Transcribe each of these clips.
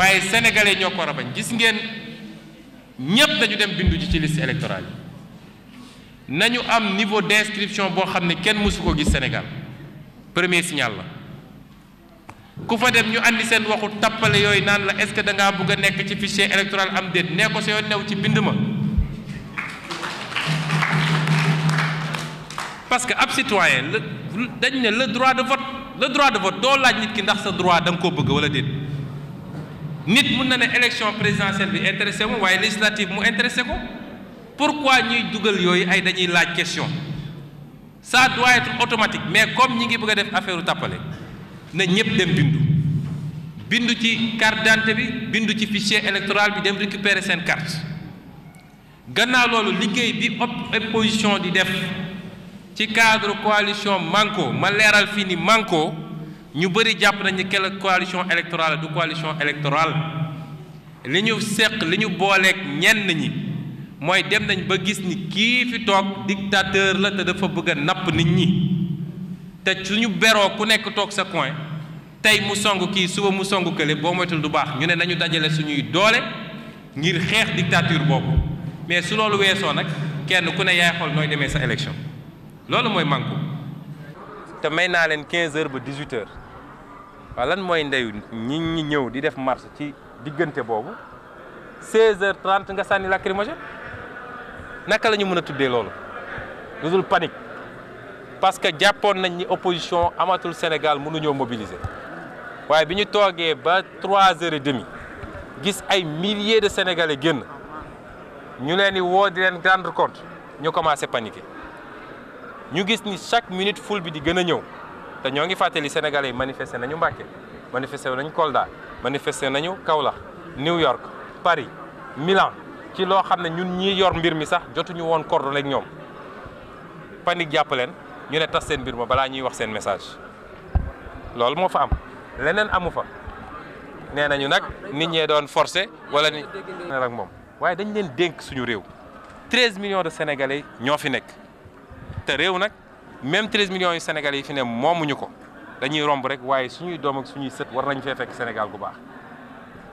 waaye sénégalais ñoo ko war gis ngeen ñépp dañu dem bindu ji ci liste électorale yi nañu am niveau d'inscription boo xam ne kenn mësu ko gis Sénégal premier signal la ku fa dem ñu andi seen waxut tappale yooyu naan la est-ce que da ngaa bëgg a nekk ci fichier électoral am déet nee ko sa yoon new ci bind ma parce que ab citoyen dañ ne le droit de vote le droit de vote doo laaj nit ki ndax sa droit da koo bëgg wala déet nit mun na ne élection présidentielle bi intéressé wu waaye législative mu intéressé ko pourquoi ñuy dugal yooyu ay dañuy laaj question ça doit automatique mais comme ñi ngi bëgg a def affaire tàppale na ñëpp dem bindu bindu ci carte d'identité bi bindu ci fichier électoral bi dem récupérer seen carte gannaaw loolu liggéey bi opposition di def ci cadre coalition Manko ma leeral fii ni Manko ñu bëri jàpp nañu quelle coalition électorale du coalition électorale li ñu seq li ñu booleek ñenn ñi mooy dem nañ ba gis ni kii fi toog dictateur la te dafa bëgg a napp nit ñi te suñu beroo ku nekk toog sa coin tey mu song kii suba mu song kële boo moytul du baax ñu ne nañu dajale suñuy doole ngir xeex dictature boobu mais su loolu weesoo nag kenn ku ne yaay xool nooy demee sa élection loolu mooy manko te may naa leen 15 heures ba 18 heures waa lan mooy ndeyu ñi ñi ñëw di def marche ci diggante boobu 16h30 nga sànni lacrymogène naka lañu ñu mën a tuddee loolu lu dul panique parce que jàppoon nañ ni opposition amatul Sénégal mënuñoo mobiliser waaye bi ñu toogee ba 3 h demi gis ay milliers de Sénégalais génn ñu leen di woo di leen ñu commencé paniquer ñu gis ni chaque minute foule bi di gën a ñëw. te ñoo ngi fàttali Sénégalais yi manifesté nañu Mbacké manifesté nañu Kolda manifesté nañu Kaolack New York Paris Milan ci loo xam ne ñun ñii yor mbir mi sax jotuñu woon cordon ak ñoom panique jàpp leen ñu ne tas seen mbir ma balaa ñuy wax seen message loolu moo fa am leneen amu fa nee nañu nag nit ñee doon forcé wala ni ak moom waaye dañ leen dénk suñu réew 13 million de sénégalais ñoo fi nekk te réew nag même 13 millions yu sénégal yi fi ne moomuñu ko dañuy romb rek waaye suñuy doom ak suñuy sët war nañ fee fekk Sénégal gu baax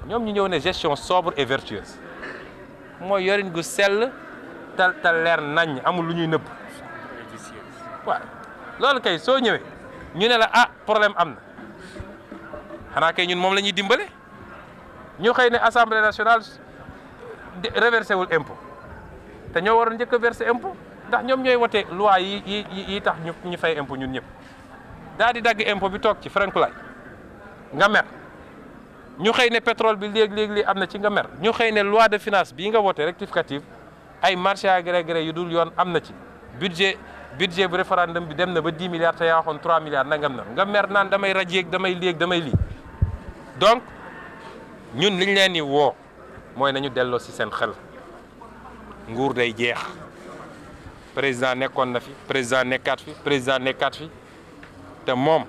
ñoom ñu ñëw ne gestion sobre et vertueuse mooy yorin gu sell tal tal leer nañ amul lu ñuy nëbb waaw loolu kay soo ñëwee ñu ne la ah problème am na xanaa kay ñun moom la ñuy dimbale ñu xëy ne assemblée nationale reversé wul impôt te ñoo waroon njëkk a versé ndax ñoom ñooy wote loi yi yi tax ñu ñu fay impôt ñun ñëpp daal di dagg impôt bi toog ci Franklin nga mer ñu xëy ne pétrole bi léeg léeg li am na ci nga mer ñu xëy ne loi de finance bii nga wote rectificative ay marché à gré gré yu dul yoon am na ci budget budget bu référendum bi dem na ba 10 milliards te yaa waxoon 3 milliards nangam na nga mer naan damay rajeeg damay léeg damay lii donc ñun liñ leen di woo mooy nañu delloo si seen xel nguur day jeex président nekkoon na fi président nekkaat fi président nekkaat fi te moom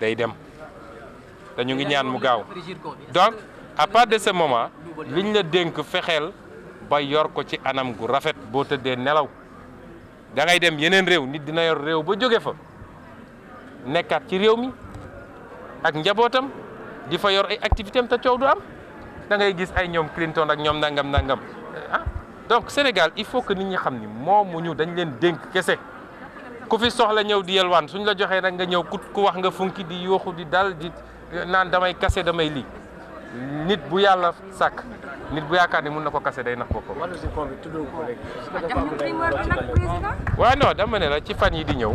day dem te ngi ñaan mu gaaw donc à partir de ce moment liñ la dénk fexeel ba yor ko ci anam gu rafet boo tëddee nelaw dangay dem yeneen réew nit dina yor réew ba jóge fa nekkaat ci réew mi ak njabootam di fa yor ay activité am te coow du am dangay gis ay ñoom Clinton ak ñoom nangam nangam ah, donc Sénégal il faut que nit ñi xam ni moomuñu dañ leen dénk kese ku fi soxla ñëw di yelwaan suñ la joxee nag nga ñëw ku wax nga funki di yooxu di dal di naan damay kase damay lii nit bu yàlla sàkk nit bu yaakaar ni mun na ko kase day nax boppam. waaw non dama ne la ci fan yi di ñëw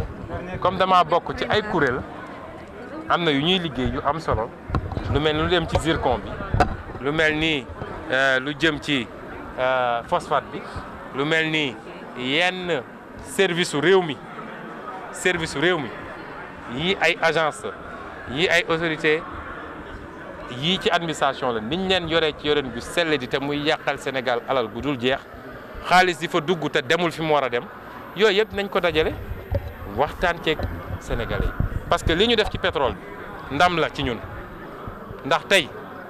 comme dama bokk ci ay kuréel am na yu ñuy liggéey yu am solo lu mel ni lu dem ci zircon bi lu mel nii euh, lu jëm ci. Euh, phosphate bi lu mel ni yenn service su réew mi service su réew mi yii ay agence yii ay autorité yii ci administration la niñ leen yoree ci yoreen gu sell di te muy yàqal Sénégal alal gu dul jeex xaalis di fa dugg te demul fi mu war a dem yooyu yëpp nañ ko dajale waxtaan ceeg Sénégalais yi parce que li ñu def ci pétrole bi ndam la ci ñun ndax tey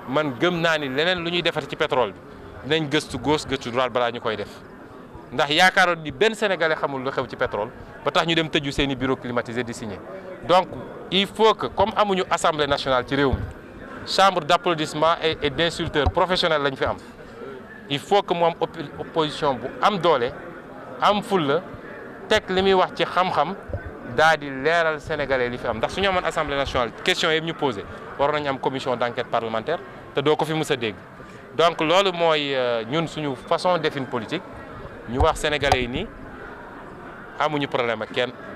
man gëm naa ni leneen lu ñuy defati ci pétrole bi dinañ gëstu gauche gëstu droite balaa ñu koy def ndax yaakaar yaakaaroon ni benn sénégalais xamul lu xew ci pétrole ba tax ñu dem tëju seeni i bureau climatisé di signé donc il faut que comme amuñu assemblée nationale ci réew mi chambre d'applaudissement et et d'insulteurs professionnels lañ fi am il faut que mu am opposition bu am doole am fulla teg li muy wax ci xam-xam daa di leeral sénégalais li fi am ndax su ñu amoon assemblée nationale question yëpp ñu posé war nañu am commission d'enquête parlementaire te doo ko fi mës a dégg. donc loolu mooy euh, ñun suñu façon defin politique ñu wax sénégalais yi nii amuñu problème ak kenn.